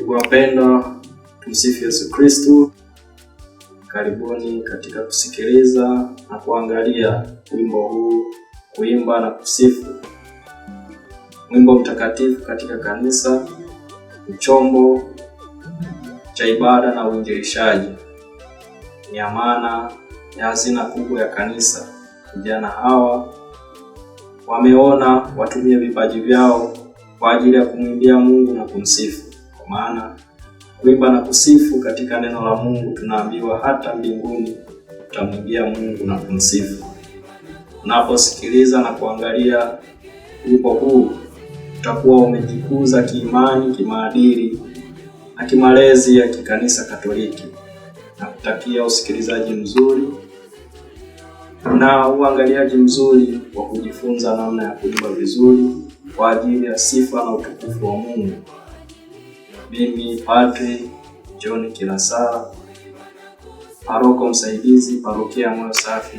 Ndugu wapendwa, tumsifu Yesu Kristu. Karibuni katika kusikiliza na kuangalia wimbo huu kuimba na kusifu, wimbo mtakatifu katika kanisa, ni chombo cha ibada na uinjilishaji, ni amana ya hazina kubwa ya kanisa. Vijana hawa wameona watumie vipaji vyao kwa ajili ya kumwimbia Mungu na kumsifu maana kuimba na kusifu katika neno la Mungu tunaambiwa hata mbinguni utamwimbia Mungu na kumsifu. Unaposikiliza na kuangalia wimbo huu utakuwa umejikuza kiimani, kimaadili na kimalezi ya kikanisa Katoliki. Nakutakia usikilizaji mzuri na uangaliaji mzuri wa kujifunza namna ya kuimba vizuri kwa ajili ya sifa na utukufu wa Mungu mimi Padri John Kilasaa, paroko msaidizi parokia Moyo Safi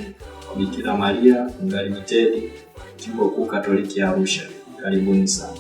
wa Bikira Maria Ungalimited, jimbo kuu Katoliki ya Arusha. Karibuni sana.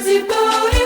Zanzibar.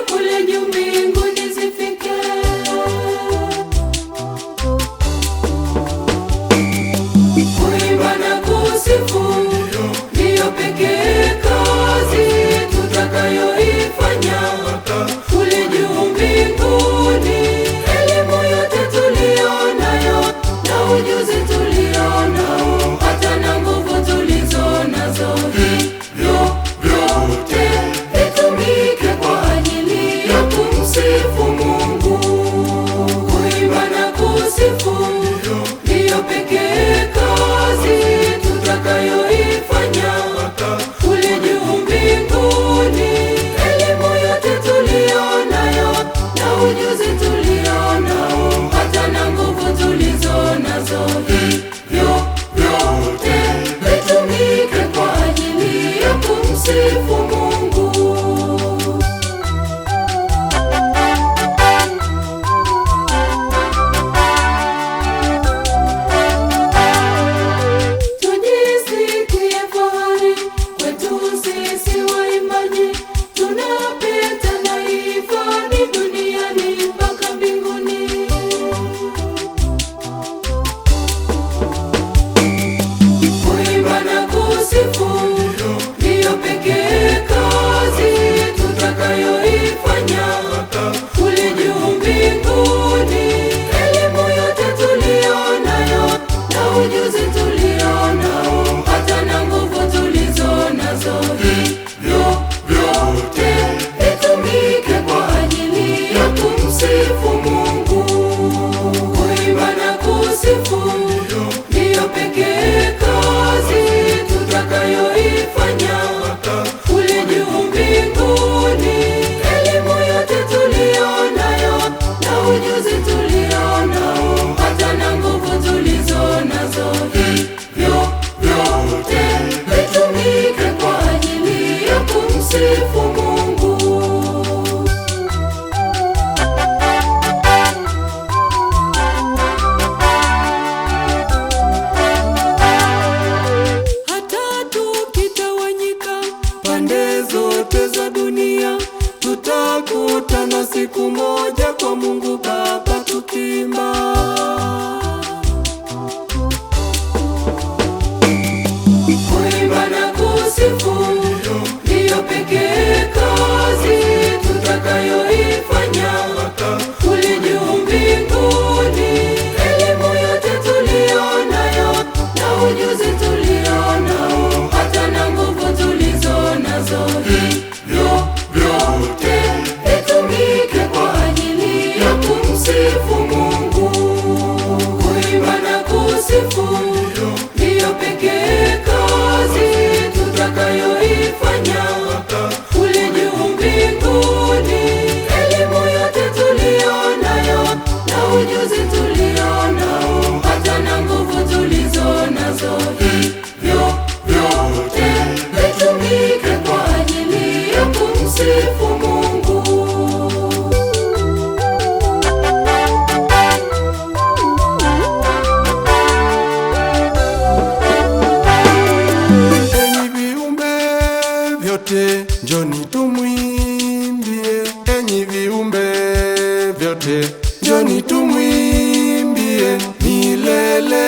Njoni tumwimbie milele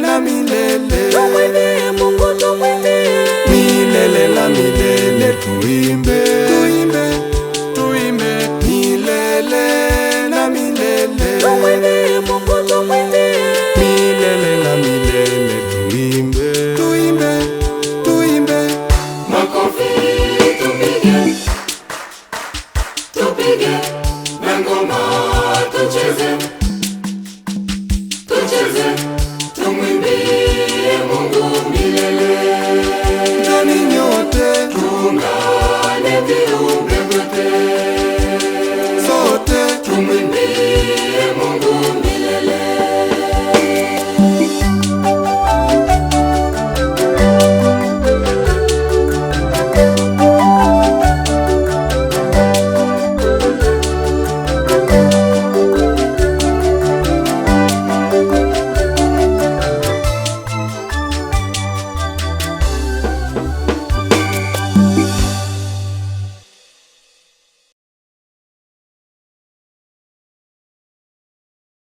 na milele, tumwimbie Mungu, tumwimbie milele na milele, tuimbe tuimbe tuimbe milele na milele, tumwimbie